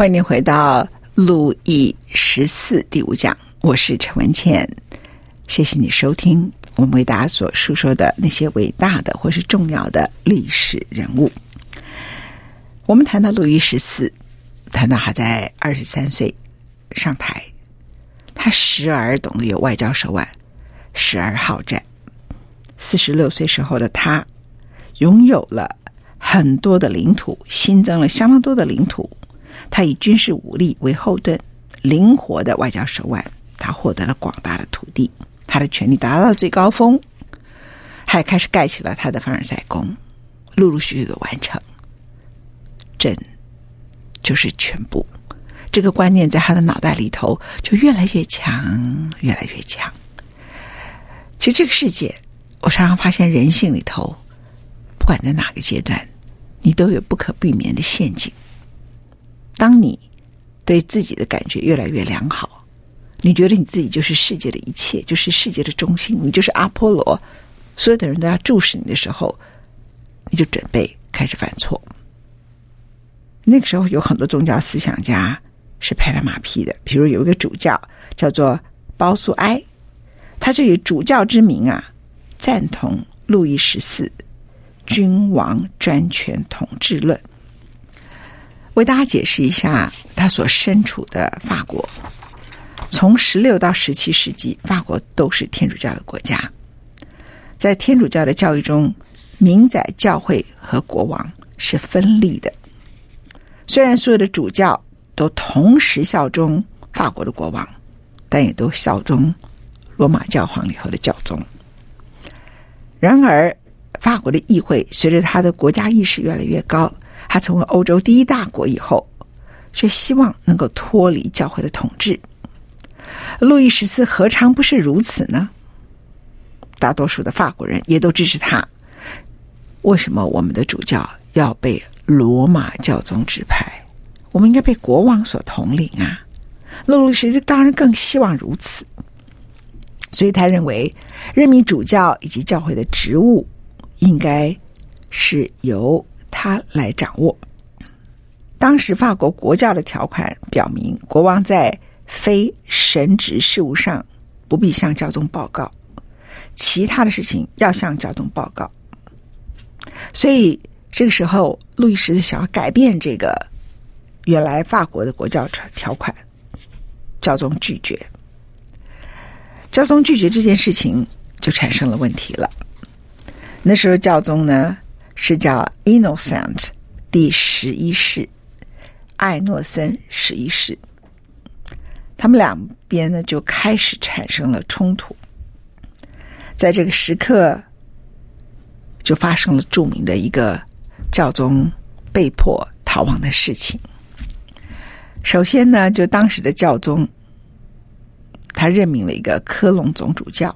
歡迎你回到路易十四第五講，我是陳文茜。謝謝你收聽我們為大家所述說的那些偉大的或是重要的歷史人物。我們談到路易十四，談到他在二十三歲上台，他時而懂得有外交手腕，時而好戰。四十六歲時候的他，擁有了很多的領土，新增了相當多的領土。他以軍事武力為後盾，靈活的外交手腕，他獲得了廣大的土地，他的權力達到了最高峰，他也開始蓋起了他的凡爾賽宮，陸陸續續的完成，朕就是全部，這個觀念在他的腦袋裡頭就越來越強，越來越強。其實這個世界，我常常發現人性裡頭，不管在哪個階段，你都有不可避免的陷阱。當你對自己的感覺越來越良好，你覺得你自己就是世界的一切，就是世界的中心，你就是阿波羅，所有的人都要注視你的時候，你就準備開始犯錯。那個時候，有很多宗教思想家是拍了馬屁的，比如有一個主教叫做包蘇埃，他就以主教之名啊，贊同路易十四君王專權統治論。為大家解釋一下，他所身處的法國，從十六到十七世紀，法國都是天主教的國家。在天主教的教育中，民宰教會和國王是分立的。雖然所有的主教都同時效忠法國的國王，但也都效忠羅馬教皇以後的教宗。然而，法國的議會隨着他的國家意識越來越高，他成為歐洲第一大國以後，卻希望能夠脫離教會的統治。路易十四何嘗不是如此呢？大多數的法國人也都支持他。為什麼我們的主教要被羅馬教宗指派？我們應該被國王所統領啊！路易十四當然更希望如此，所以他認為任命主教以及教會的職務應該是由他來掌握。當時法國國教的條款表明，國王在非神職事務上不必向教宗報告，其他的事情要向教宗報告。所以這個時候，路易十四想要改變這個原來法國的國教條款，教宗拒絕。教宗拒絕這件事情，就產生了問題了。那時候教宗呢？是叫 Innocent 第十一世，艾諾森十一世，他們兩邊呢，就開始產生了衝突，在這個時刻就發生了著名的一個教宗被迫逃亡的事情。首先呢，就當時的教宗他任命了一個科隆總主教。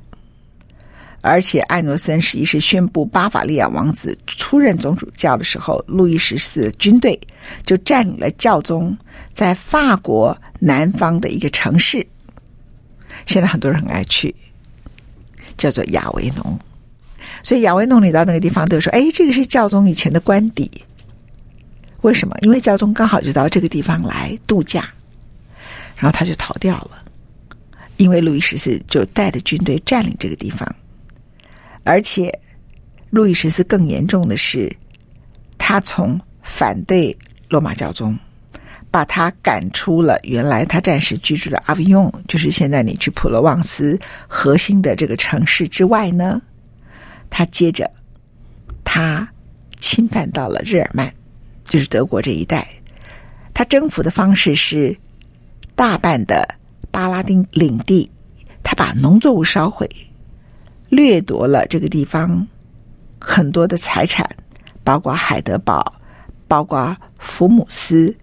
而且，艾諾森十一世宣布巴伐利亞王子出任總主教的時候，路易十四軍隊就佔領了教宗在法國南方的一個城市。現在很多人很愛去，叫做亞維農。所以亞維農，你到那個地方都說：“哎，這個是教宗以前的官邸。”為什麼？因為教宗剛好就到這個地方來度假，然後他就逃掉了。因為路易十四就帶着軍隊佔領這個地方。而且，路易十四更嚴重的是，他從反對羅馬教宗，把他趕出了原來他暫時居住的阿維永，就是現在你去普羅旺斯核心的這個城市之外呢。他接着，他侵犯到了日耳曼，就是德國這一帶。他征服的方式是大半的巴拉丁領地，他把農作物燒毀。掠奪了這個地方很多的財產，包括海德堡，包括福姆斯，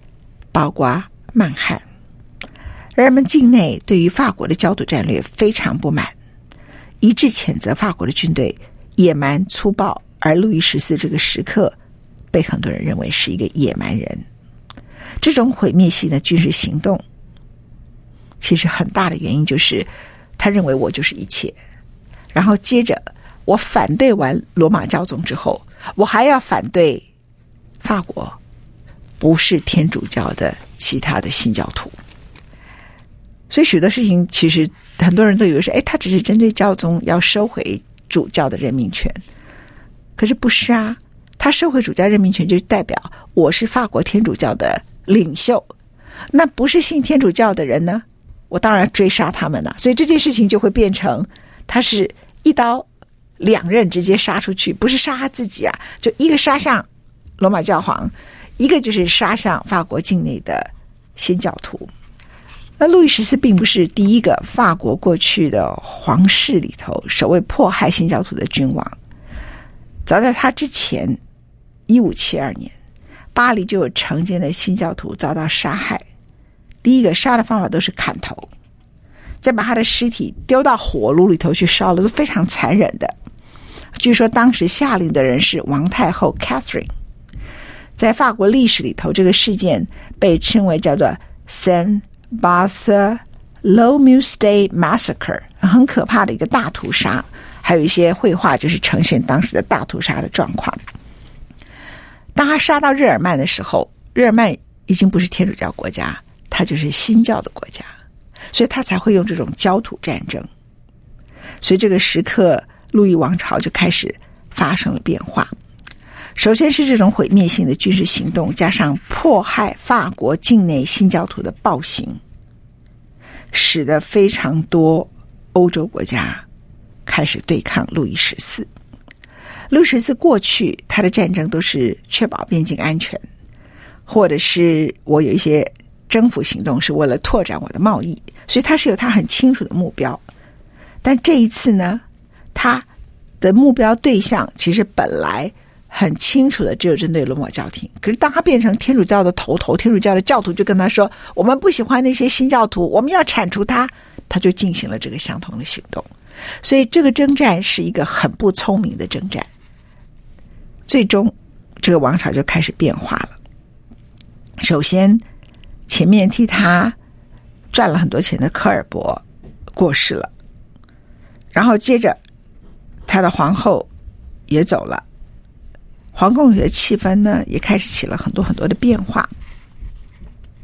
包括曼漢。而人們境內對於法國的焦土戰略非常不滿，一致譴責法國的軍隊野蠻粗暴，而路易十四這個時刻被很多人認為是一個野蠻人。這種毀滅性的軍事行動，其實很大的原因就是他認為我就是一切。然後接着，我反對完羅馬教宗之後，我還要反對法國不是天主教的其他的新教徒。所以許多事情，其實很多人都以為說，哎，他只是針對教宗要收回主教的任命權。可是不是啊，他收回主教任命權就代表我是法國天主教的領袖。那不是信天主教的人呢，我當然追殺他們了。所以這件事情就會變成他是。一刀兩刃，直接殺出去，不是殺他自己啊，就一個殺向羅馬教皇，一個就是殺向法國境內的新教徒。那路易十四並不是第一個法國過去的皇室裡頭首位迫害新教徒的君王。早在他之前，一五七二年，巴黎就有成千的新教徒遭到殺害。第一個殺的方法都是砍頭。再把他的屍體丟到火爐裡頭去燒了，都非常殘忍的。據說當時下令的人是王太后 Catherine。在法國歷史裡頭，這個事件被稱為叫做 Saint Bartholomew's Day Massacre，很可怕的一個大屠殺。還有一些繪畫就是呈現當時的大屠殺的狀況。當他殺到日耳曼的時候，日耳曼已經不是天主教國家，他就是新教的國家。所以他才會用這種焦土戰爭，所以這個時刻，路易王朝就開始發生了變化。首先是這種毀滅性的軍事行動，加上迫害法國境內新教徒的暴行，使得非常多歐洲國家開始對抗路易十四。路易十四過去他的戰爭都是確保邊境安全，或者是我有一些。征服行動是為了拓展我的貿易，所以他是有他很清楚的目標。但這一次呢，他的目標對象其實本來很清楚的，只有針對羅馬教廷。可是當他變成天主教的頭頭，天主教的教徒就跟他說：“我們不喜歡那些新教徒，我們要鏟除他。”他就進行了這個相同的行動。所以這個征戰是一個很不聰明的征戰。最終，這個王朝就開始變化了。首先。前面替他賺了很多錢的科爾伯過世了，然後接着他的皇後也走了，皇宮裡的氣氛呢也開始起了很多很多的變化。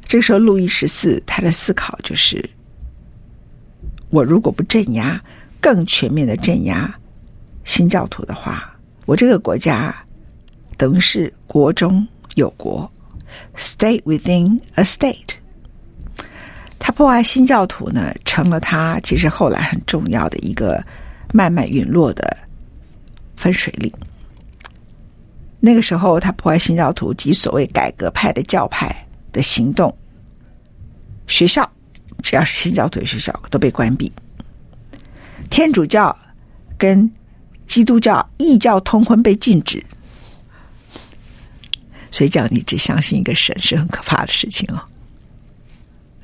這個時候，路易十四他的思考就是：我如果不鎮壓，更全面的鎮壓新教徒的話，我這個國家等於是國中有國。State within a state。他破壞新教徒呢，成了他其實後來很重要的一個慢慢隕落的分水嶺。那個時候，他破壞新教徒及所謂改革派的教派的行動，學校只要是新教徒的學校都被關閉，天主教跟基督教異教通婚被禁止。所以講，你只相信一個神是很可怕的事情哦。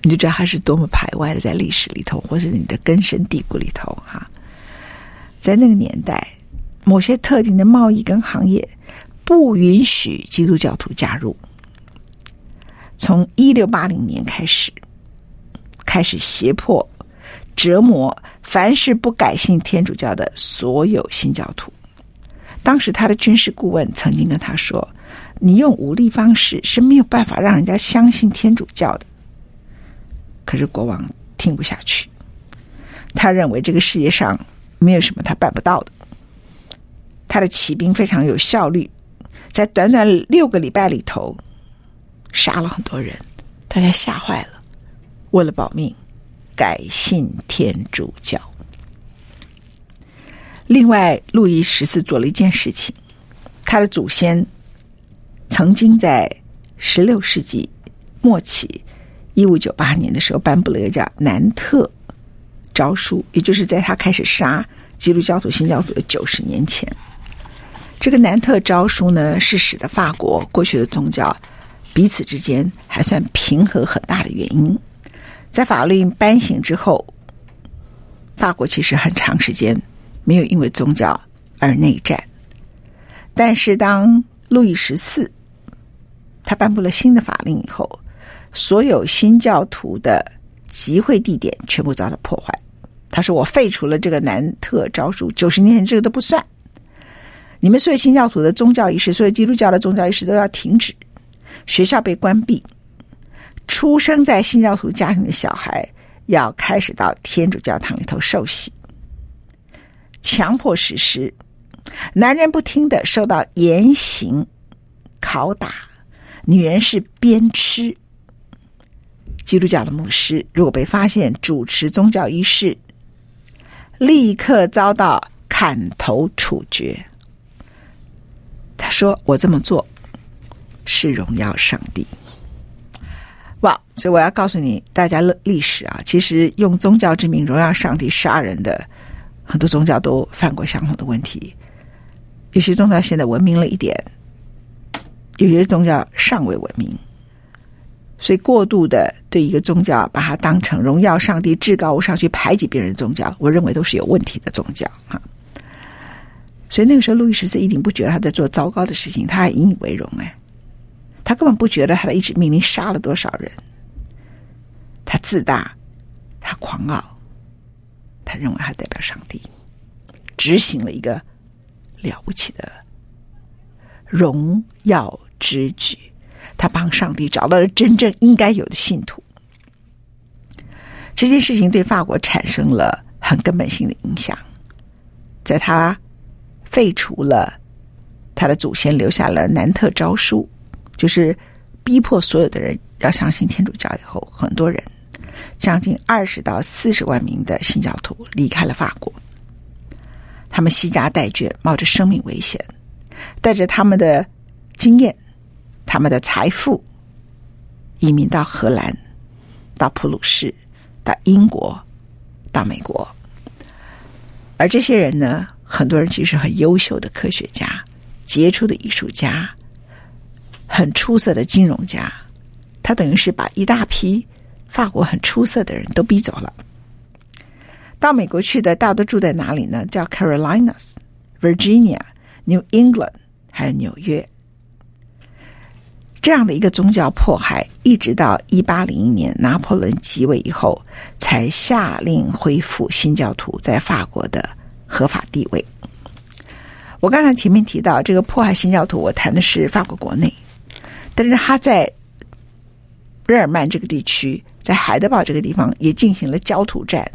你就知道他是多麼排外的，在歷史裡頭，或者你的根深蒂固裡頭哈。在那個年代，某些特定的貿易跟行業不允許基督教徒加入。從一六八零年開始，開始脅迫、折磨凡是不改信天主教的所有新教徒。當時他的軍事顧問曾經跟他說。你用武力方式是沒有辦法讓人家相信天主教的。可是國王聽不下去，他認為這個世界上沒有什麼他辦不到的。他的騎兵非常有效率，在短短六個禮拜裡頭殺了很多人，大家嚇壞了，為了保命改信天主教。另外，路易十四做了一件事情，他的祖先。曾經在十六世紀末期，一五九八年的時候頒布了一個叫《南特詔書》，也就是在他開始殺基督教徒、新教徒的九十年前，這個《南特詔書》呢是使得法國過去的宗教彼此之間還算平和很大的原因。在法令頒行之後，法國其實很長時間沒有因為宗教而內戰，但是當路易十四。他頒布了新的法令以後，所有新教徒的集會地點全部遭到破壞。他說：“我廢除了這個南特詔書，九十年前這個都不算。你們所有新教徒的宗教儀式，所有基督教的宗教儀式都要停止。學校被關閉，出生在新教徒家庭的小孩要開始到天主教堂裡頭受洗。強迫實施，男人不聽的受到嚴刑拷打。”女人是鞭笞。基督教的牧師如果被發現主持宗教儀式，立刻遭到砍頭處決。他說：“我這麼做是榮耀上帝。”哇！所以我要告訴你大家，歷史啊，其實用宗教之名榮耀上帝殺人的很多宗教都犯過相同的問題。有些宗教現在文明了一點。有些宗教尚未文明，所以過度的對一個宗教把它當成榮耀上帝至高無上，去排擠別人宗教，我認為都是有問題的宗教啊。所以那個時候，路易十四一定不覺得他在做糟糕的事情，他還引以為榮哎。他根本不覺得他的一紙命令殺了多少人，他自大，他狂傲，他認為他代表上帝，執行了一個了不起的榮耀之舉，他幫上帝找到了真正應該有的信徒。這件事情對法國產生了很根本性的影響。在他廢除了他的祖先留下了南特詔書，就是逼迫所有的人要相信天主教以後，很多人將近二十到四十萬名的新教徒離開了法國，他們攜家帶眷，冒着生命危險，帶着他們的經驗。他們的財富移民到荷蘭、到普魯士、到英國、到美國，而這些人呢，很多人其實很優秀的科學家、傑出的藝術家、很出色的金融家，他等於是把一大批法國很出色的人都逼走了。到美國去的大多住在哪裡呢？叫 Carolinas、Virginia、New England，還有紐約。這樣的一個宗教迫害，一直到一八零一年拿破崙即位以後，才下令恢復新教徒在法國的合法地位。我剛才前面提到這個迫害新教徒，我談的是法國國內，但是他在日耳曼這個地區，在海德堡這個地方也進行了焦土戰，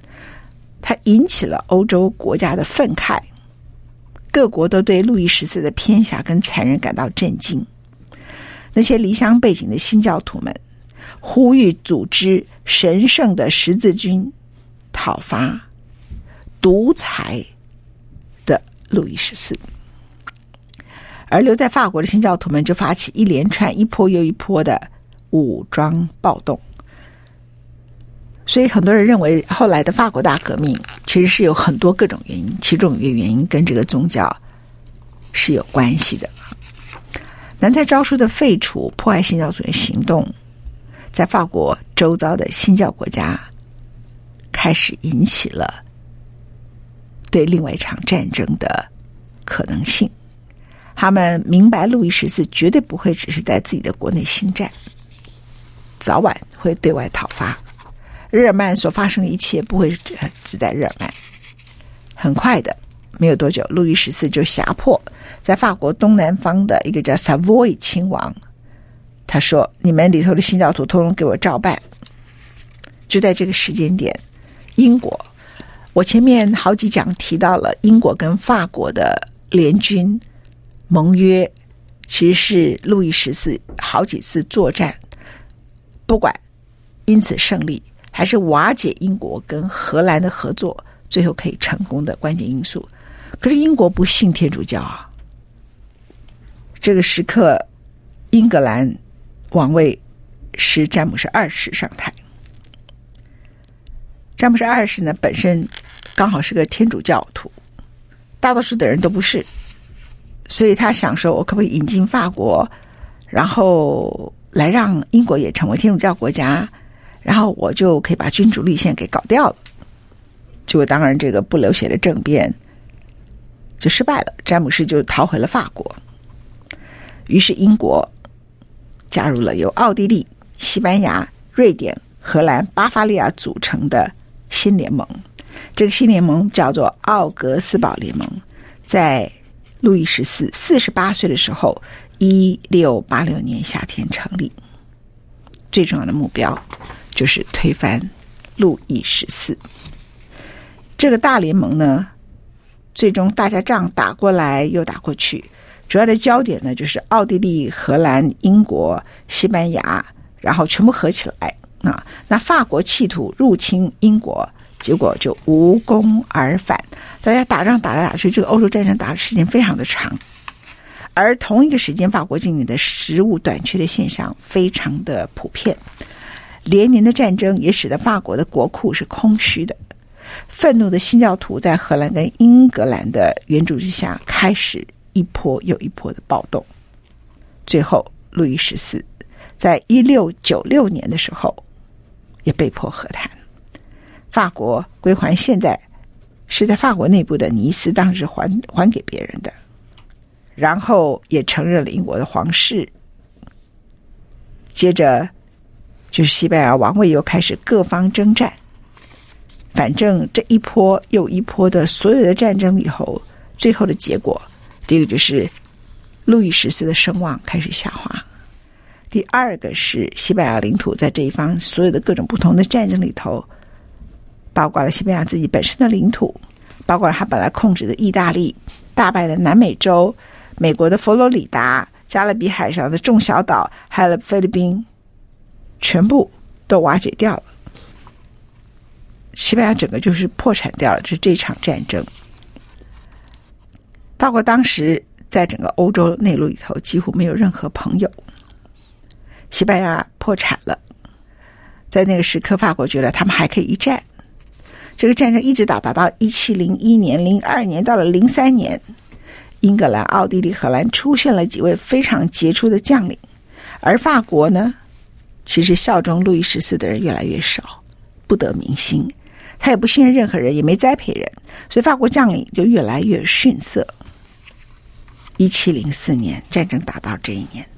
它引起了歐洲國家的憤慨，各國都對路易十四的偏狹跟殘忍感到震驚。那些離鄉背井的新教徒們呼籲組織神聖的十字軍，討伐獨裁的路易十四，而留在法國的新教徒們就發起一連串一波又一波的武裝暴動。所以，很多人認為後來的法國大革命其實是有很多各種原因，其中一個原因跟這個宗教是有關係的。南特詔書的廢除，迫害新教徒的行動，在法國周遭的新教國家開始引起了對另外一場戰爭的可能性。他們明白，路易十四絕對不會只是在自己的國內興戰，早晚會對外討伐。日耳曼所發生的一切不會只只在日耳曼，很快的。沒有多久，路易十四就脅迫，在法國東南方的一個叫 Savoy 親王，他說：“你們裡頭的新教徒，通通給我照辦！”就在這個時間點，英國，我前面好幾講提到了英國跟法國的聯軍盟約，其實是路易十四好幾次作戰，不管因此勝利還是瓦解英國跟荷蘭的合作，最後可以成功的關鍵因素。可是英國不信天主教啊，這個時刻，英格蘭王位是詹姆士二世上台。詹姆士二世呢，本身剛好是個天主教徒，大多數的人都不是，所以他想說：“我可不可以引進法國，然後來讓英國也成為天主教國家？然後我就可以把君主立憲給搞掉了。”就當然，這個不流血的政變。就失敗了，詹姆士就逃回了法國。於是英國加入了由奧地利、西班牙、瑞典、荷蘭、巴伐利亞組成的新聯盟。這個新聯盟叫做奧格斯堡聯盟，在路易十四四十八歲的時候，一六八六年夏天成立。最重要的目標就是推翻路易十四。這個大聯盟呢，最終，大家仗打過來又打過去，主要的焦點呢，就是奧地利、荷蘭、英國、西班牙，然後全部合起來。那那法國企圖入侵英國，結果就無功而返。大家打仗打來打去，這個歐洲戰爭打的時間非常的長，而同一個時間，法國境內的食物短缺的現象非常的普遍，連年的戰爭也使得法國的國庫是空虛的。憤怒的新教徒在荷蘭跟英格蘭的援助之下，開始一波又一波的暴動。最後，路易十四在一六九六年的時候也被迫和談，法國歸還現在是在法國內部的尼斯，當時還還給別人的，然後也承認了英國的皇室。接着就是西班牙王位又開始各方征戰。反正這一波又一波的所有的戰爭裡頭，最後的結果，第、這、一個就是路易十四的聲望開始下滑；第二個是西班牙領土在這一方所有的各種不同的戰爭裡頭，包括了西班牙自己本身的領土，包括了他本來控制的意大利、大半個南美洲、美國的佛羅里達、加勒比海上的眾小島，還有菲律賓，全部都瓦解掉了。西班牙整個就是破產掉了，就是這場戰爭，法國當時在整個歐洲內陸裡頭幾乎沒有任何朋友。西班牙破產了，在那個時刻，法國覺得他們還可以一戰。這個戰爭一直打，打到一七零一年、零二年，到了零三年，英格蘭、奧地利、荷蘭出現了幾位非常傑出的將領，而法國呢，其實效忠路易十四的人越來越少，不得民心。他也不信任任何人，也沒栽培人，所以法國將領就越來越遜色。一七零四年，戰爭打到這一年，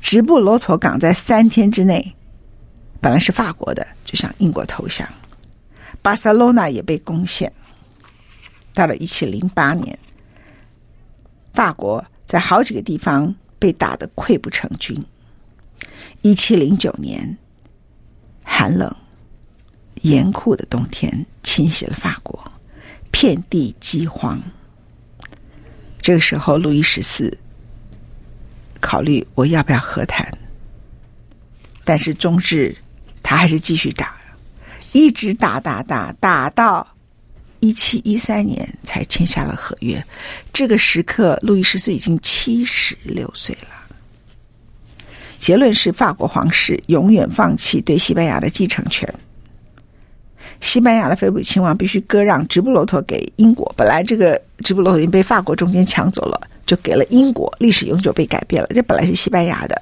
直布羅陀港在三天之內，本來是法國的，就向英國投降。巴塞羅那也被攻陷。到了一七零八年，法國在好幾個地方被打得潰不成軍。一七零九年，寒冷。嚴酷的冬天侵襲了法國，遍地饑荒。這個時候，路易十四考慮，我要不要和談，但是終日他還是繼續打，一直打打打，打到一七一三年才簽下了和約。這個時刻，路易十四已經七十六歲了。結論是：法國皇室永遠放棄對西班牙的繼承權。西班牙的菲利親王必須割讓直布羅陀給英國。本來這個直布羅陀已經被法國中間搶走了，就給了英國，歷史永久被改變了。這本來是西班牙的，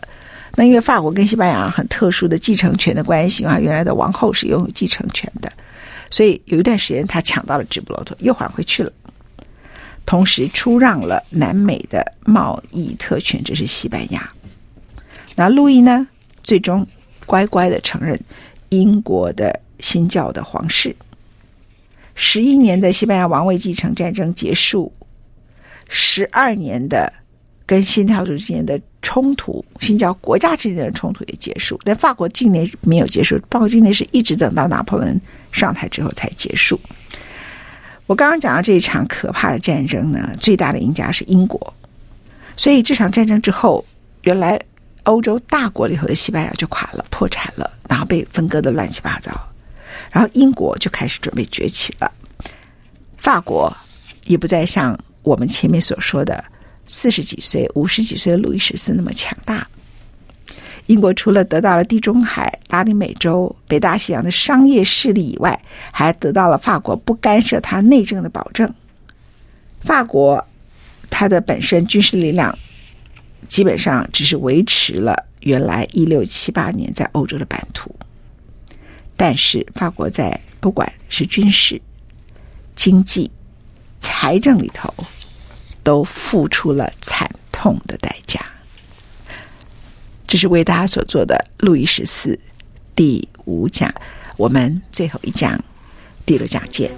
那因為法國跟西班牙很特殊的繼承權的關係啊，原來的王后是擁有繼承權的，所以有一段時間他搶到了直布羅陀，又還回去了。同時出讓了南美的貿易特權，這是西班牙。那路易呢，最終乖乖的承認英國的新教的皇室，十一年的西班牙王位繼承戰爭結束，十二年的跟新教徒之間的衝突，新教國家之間的衝突也結束。但法國境內沒有結束，法國境內是一直等到拿破崙上台之後才結束。我剛剛講到這一場可怕的戰爭呢，最大的贏家是英國。所以這場戰爭之後，原來歐洲大國裡頭的西班牙就垮了，破產了，然後被分割的亂七八糟。然後，英國就開始準備崛起了。法國也不再像我們前面所說的四十幾歲、五十幾歲的路易十四那麼強大。英國除了得到了地中海、拉丁美洲、北大西洋的商業勢力以外，還得到了法國不干涉它內政的保證。法國，它的本身軍事力量基本上只是維持了原來一六七八年在歐洲的版圖。但是，法國在不管是軍事、經濟、財政裡頭，都付出了慘痛的代價。這是為大家所做的路易十四第五講，我們最後一講，第六講見。